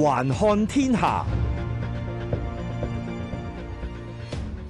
環看天下，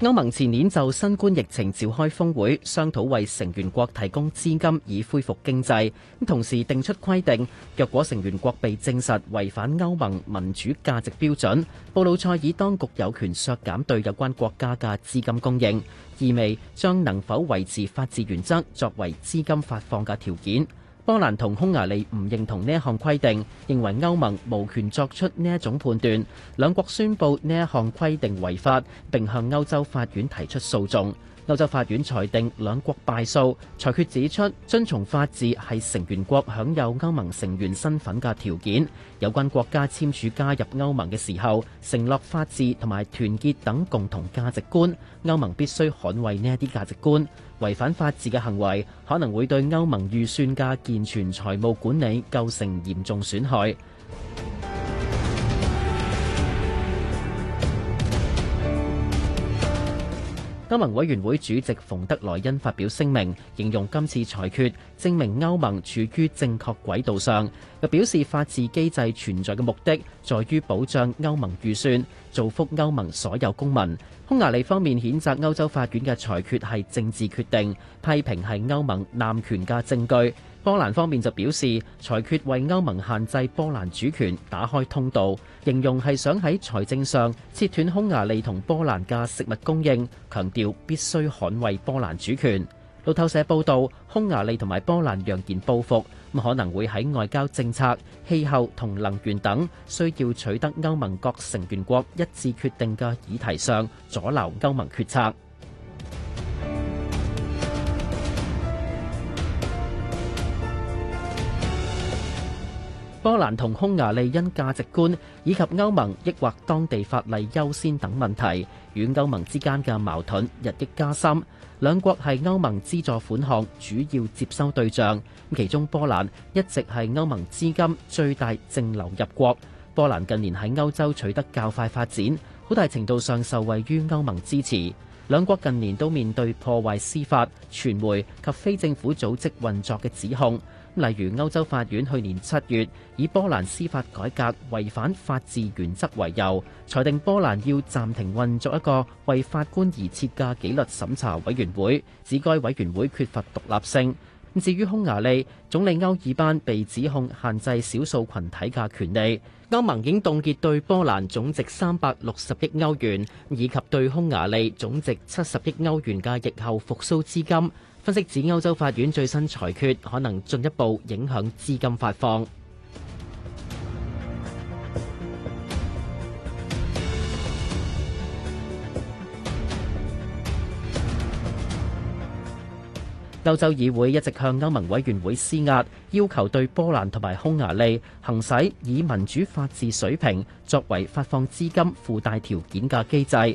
歐盟前年就新冠疫情召開峰會，商討為成員國提供資金以恢復經濟，同時定出規定：若果成員國被證實違反歐盟民主價值標準，布魯塞爾當局有權削減對有關國家嘅資金供應，意味將能否維持法治原則作為資金發放嘅條件。波蘭同匈牙利唔認同呢項規定，認為歐盟無權作出呢一種判斷。兩國宣布呢一項規定違法，並向歐洲法院提出訴訟。歐洲法院裁定兩國敗訴，裁決指出遵從法治係成員國享有歐盟成員身份嘅條件。有關國家簽署加入歐盟嘅時候，承諾法治同埋團結等共同價值觀，歐盟必須捍衛呢一啲價值觀。違反法治嘅行為，可能會對歐盟預算嘅健全財務管理構成嚴重損害。歐盟委員會主席馮德萊恩發表聲明，形容今次裁決證明歐盟處於正確軌道上，又表示法治機制存在嘅目的，在於保障歐盟預算，造福歐盟所有公民。匈牙利方面譴責歐洲法院嘅裁決係政治決定，批評係歐盟濫權嘅證據。波蘭方面就表示，裁決為歐盟限制波蘭主權打開通道，形容係想喺財政上切斷匈牙利同波蘭嘅食物供應，強調必須捍衛波蘭主權。路透社報道，匈牙利同埋波蘭揚言報復，咁可能會喺外交政策、氣候同能源等需要取得歐盟各成員國一致決定嘅議題上阻撓歐盟決策。波蘭同匈牙利因價值觀以及歐盟抑或當地法例優先等問題與歐盟之間嘅矛盾日益加深。兩國係歐盟資助款項主要接收對象，其中波蘭一直係歐盟資金最大淨流入國，波蘭近年喺歐洲取得較快發展，好大程度上受惠於歐盟支持。兩國近年都面對破壞司法、傳媒及非政府組織運作嘅指控。例如歐洲法院去年七月以波蘭司法改革違反法治原則為由，裁定波蘭要暫停運作一個為法官而設嘅紀律審查委員會，指該委員會缺乏獨立性。至於匈牙利總理歐爾班被指控限制少數群體嘅權利，歐盟已經凍結對波蘭總值三百六十億歐元，以及對匈牙利總值七十億歐元嘅疫後復甦資金。分析指歐洲法院最新裁決，可能進一步影響資金發放。歐洲議會一直向歐盟委員會施壓，要求對波蘭同埋匈牙利行使以民主法治水平作為發放資金附帶條件嘅機制。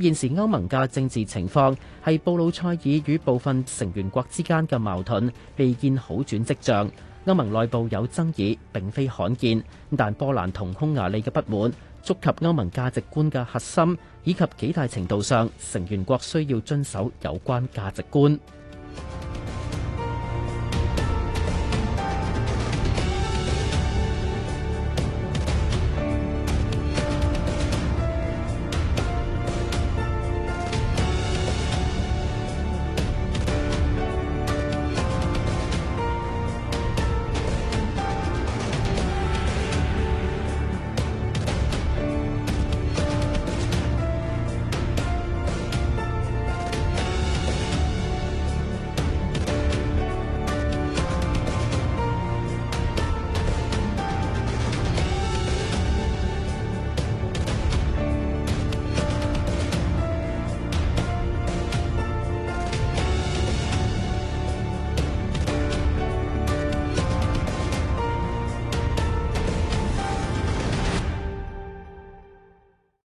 現時歐盟嘅政治情況係布魯塞爾與部分成員國之間嘅矛盾未見好轉跡象，歐盟內部有爭議並非罕見。但波蘭同匈牙利嘅不滿觸及歐盟價值觀嘅核心，以及幾大程度上成員國需要遵守有關價值觀。